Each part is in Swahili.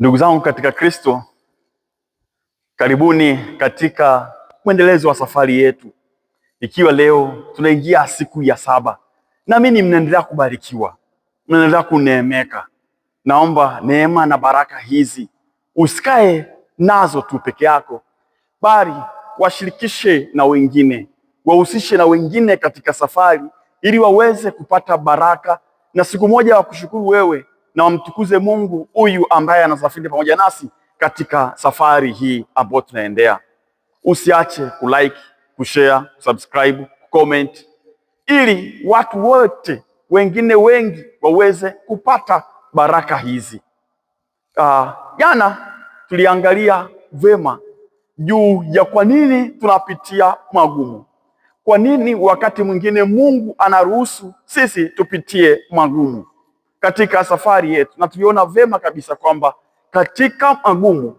Ndugu zangu katika Kristo, karibuni katika mwendelezo wa safari yetu, ikiwa leo tunaingia siku ya saba. Naamini mnaendelea kubarikiwa, mnaendelea kuneemeka. Naomba neema na baraka hizi usikae nazo tu peke yako, bali washirikishe na wengine, wahusishe na wengine katika safari, ili waweze kupata baraka na siku moja wa kushukuru wewe na wamtukuze Mungu huyu ambaye anasafiri pamoja nasi katika safari hii ambayo tunaendea. Usiache kulike, kushare, subscribe, comment ili watu wote wengine wengi waweze kupata baraka hizi. Ah, jana uh, tuliangalia vema juu ya kwa nini tunapitia magumu, kwa nini wakati mwingine Mungu anaruhusu sisi tupitie magumu katika safari yetu, na tuliona vema kabisa kwamba katika magumu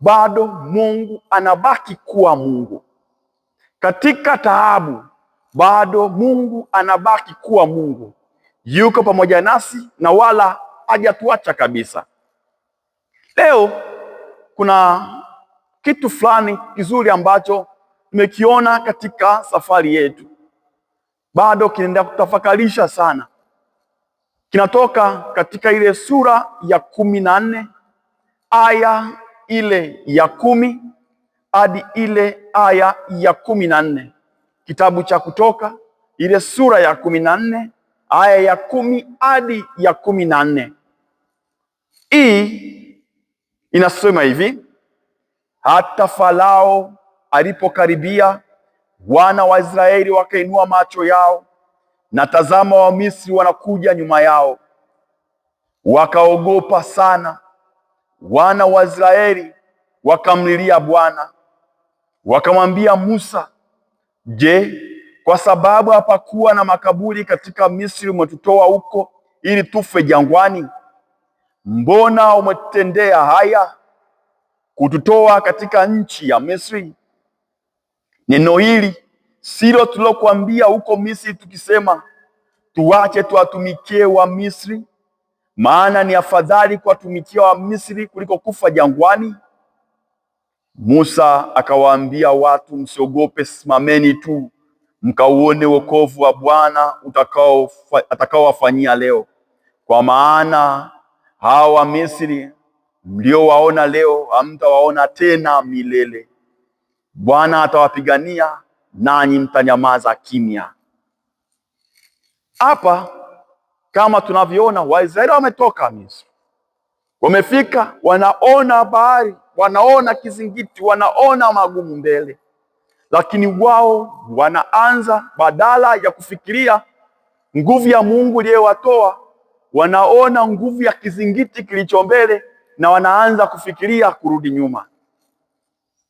bado Mungu anabaki kuwa Mungu. Katika taabu bado Mungu anabaki kuwa Mungu, yuko pamoja nasi na wala hajatuacha kabisa. Leo kuna kitu fulani kizuri ambacho tumekiona katika safari yetu, bado kinaenda kutafakarisha sana kinatoka katika ile sura ya kumi na nne aya ile ya kumi hadi ile aya ya kumi na nne kitabu cha Kutoka ile sura ya kumi na nne aya ya kumi hadi ya kumi na nne Hii inasema hivi: hata Farao alipokaribia, wana wa Israeli wakainua macho yao na tazama, Wamisri wanakuja nyuma yao, wakaogopa sana. Wana wa Israeli wakamlilia Bwana wakamwambia Musa, je, kwa sababu hapakuwa na makaburi katika Misri umetutoa huko ili tufe jangwani? Mbona umetutendea haya kututoa katika nchi ya Misri? Neno hili silo tulokuambia huko Misri tukisema, tuwache tuwatumikie wa Misri, maana ni afadhali kuwatumikia wa Misri kuliko kufa jangwani. Musa akawaambia watu, msiogope, simameni tu mkauone wokovu wa Bwana atakaowafanyia leo, kwa maana hawa wa Misri mliowaona leo hamtawaona tena milele. Bwana atawapigania nanyi mtanyamaza kimya. Hapa kama tunavyoona, Waisraeli wametoka Misri, wamefika, wanaona bahari, wanaona kizingiti, wanaona magumu mbele, lakini wao wanaanza, badala ya kufikiria nguvu ya Mungu iliyowatoa, wanaona nguvu ya kizingiti kilicho mbele na wanaanza kufikiria kurudi nyuma.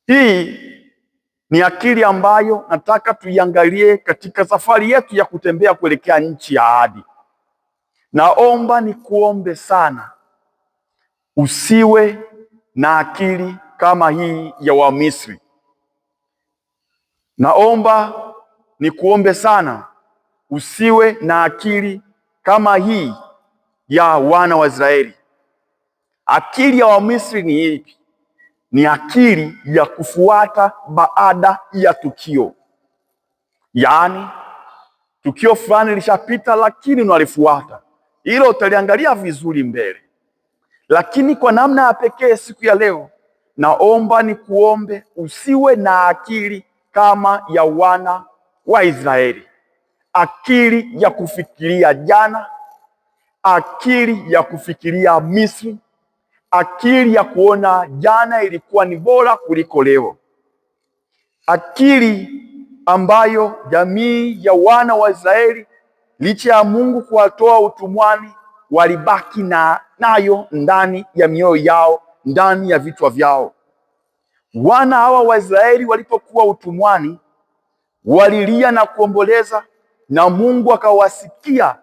Hii ni akili ambayo nataka tuiangalie katika safari yetu ya kutembea kuelekea nchi ya ahadi. Naomba nikuombe sana usiwe na akili kama hii ya Wamisri. Naomba ni kuombe sana usiwe na akili kama hii ya wana wa Israeli. Akili ya Wamisri ni ipi? ni akili ya kufuata baada ya tukio, yaani tukio fulani lishapita, lakini unalifuata hilo, utaliangalia vizuri mbele. Lakini kwa namna ya pekee siku ya leo, naomba ni kuombe usiwe na akili kama ya wana wa Israeli, akili ya kufikiria jana, akili ya kufikiria Misri akili ya kuona jana ilikuwa ni bora kuliko leo, akili ambayo jamii ya wana wa Israeli licha ya Mungu kuwatoa utumwani walibaki na nayo ndani ya mioyo yao, ndani ya vichwa vyao. Wana hawa wa Israeli walipokuwa utumwani walilia na kuomboleza, na Mungu akawasikia,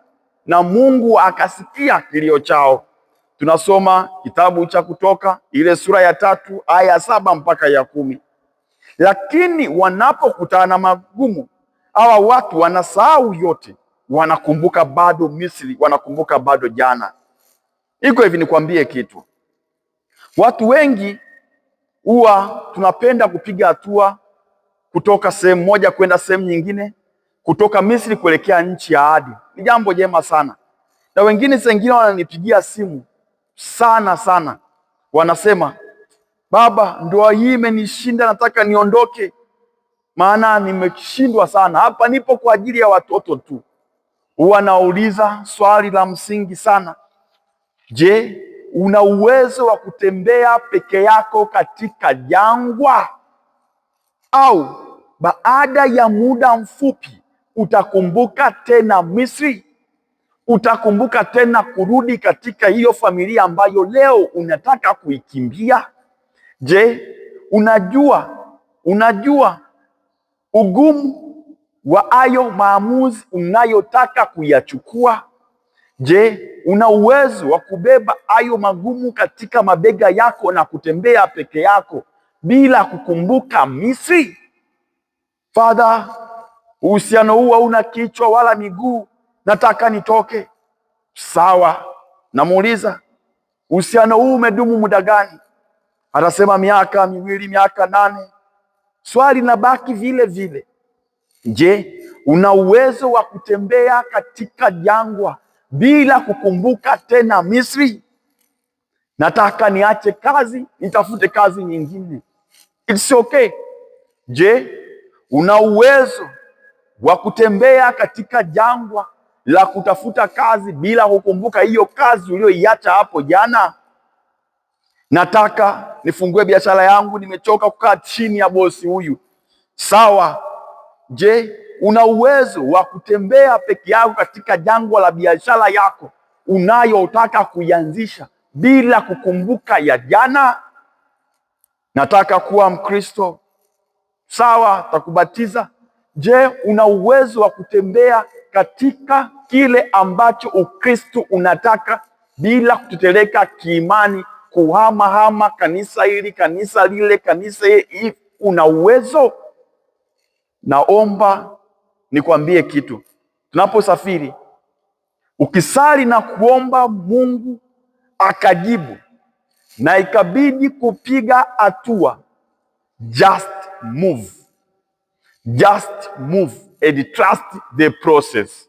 na Mungu akasikia kilio chao tunasoma kitabu cha Kutoka ile sura ya tatu aya ya saba mpaka ya kumi. Lakini wanapokutana na magumu, hawa watu wanasahau yote, wanakumbuka bado Misri, wanakumbuka bado jana. Iko hivi, nikwambie kitu, watu wengi huwa tunapenda kupiga hatua kutoka sehemu moja kwenda sehemu nyingine, kutoka Misri kuelekea nchi ya ahadi. Ni jambo jema sana, na wengine sengine wananipigia simu sana sana. Wanasema, baba, ndoa hii imenishinda, nataka niondoke, maana nimeshindwa sana hapa, nipo kwa ajili ya watoto tu. Huwa nauliza swali la msingi sana, je, una uwezo wa kutembea peke yako katika jangwa au baada ya muda mfupi utakumbuka tena Misri? utakumbuka tena kurudi katika hiyo familia ambayo leo unataka kuikimbia? Je, unajua unajua ugumu wa hayo maamuzi unayotaka kuyachukua? Je, una uwezo wa kubeba hayo magumu katika mabega yako na kutembea peke yako bila kukumbuka Misri? Father, uhusiano huu hauna kichwa wala miguu nataka nitoke. Sawa, namuuliza uhusiano huu umedumu muda gani? Atasema miaka miwili, miaka nane. Swali linabaki vile vile, je, una uwezo wa kutembea katika jangwa bila kukumbuka tena Misri? Nataka niache kazi nitafute kazi nyingine. It's okay. Je, una uwezo wa kutembea katika jangwa la kutafuta kazi bila kukumbuka hiyo kazi uliyoiacha hapo jana. Nataka nifungue biashara yangu, nimechoka kukaa chini ya bosi huyu. Sawa. Je, una uwezo wa kutembea peke yako katika jangwa la biashara yako unayotaka kuianzisha bila kukumbuka ya jana? Nataka kuwa Mkristo. Sawa, takubatiza. Je, una uwezo wa kutembea katika kile ambacho Ukristu unataka bila kuteteleka kiimani, kuhamahama kanisa hili kanisa lile kanisa hii Una uwezo. Naomba nikwambie kitu, tunaposafiri ukisali na kuomba Mungu akajibu na ikabidi kupiga hatua, just move. Just move and trust the process.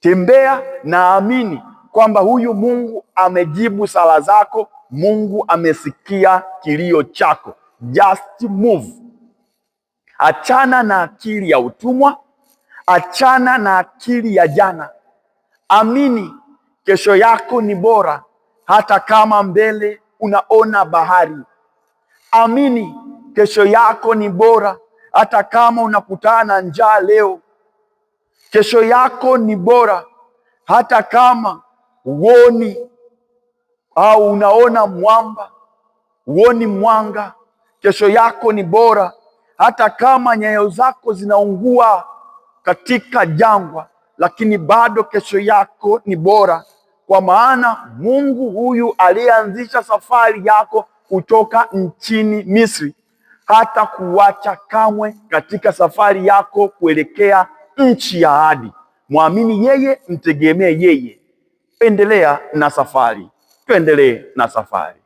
Tembea naamini kwamba huyu Mungu amejibu sala zako, Mungu amesikia kilio chako. Just move. Achana na akili ya utumwa, achana na akili ya jana. Amini kesho yako ni bora, hata kama mbele unaona bahari. Amini kesho yako ni bora hata kama unakutana na njaa leo, kesho yako ni bora. Hata kama uoni au unaona mwamba, uoni mwanga, kesho yako ni bora. Hata kama nyayo zako zinaungua katika jangwa, lakini bado kesho yako ni bora, kwa maana Mungu huyu aliyeanzisha safari yako kutoka nchini Misri hata kuacha kamwe katika safari yako kuelekea nchi ya ahadi. Mwamini yeye, mtegemee yeye, endelea na safari, tuendelee na safari.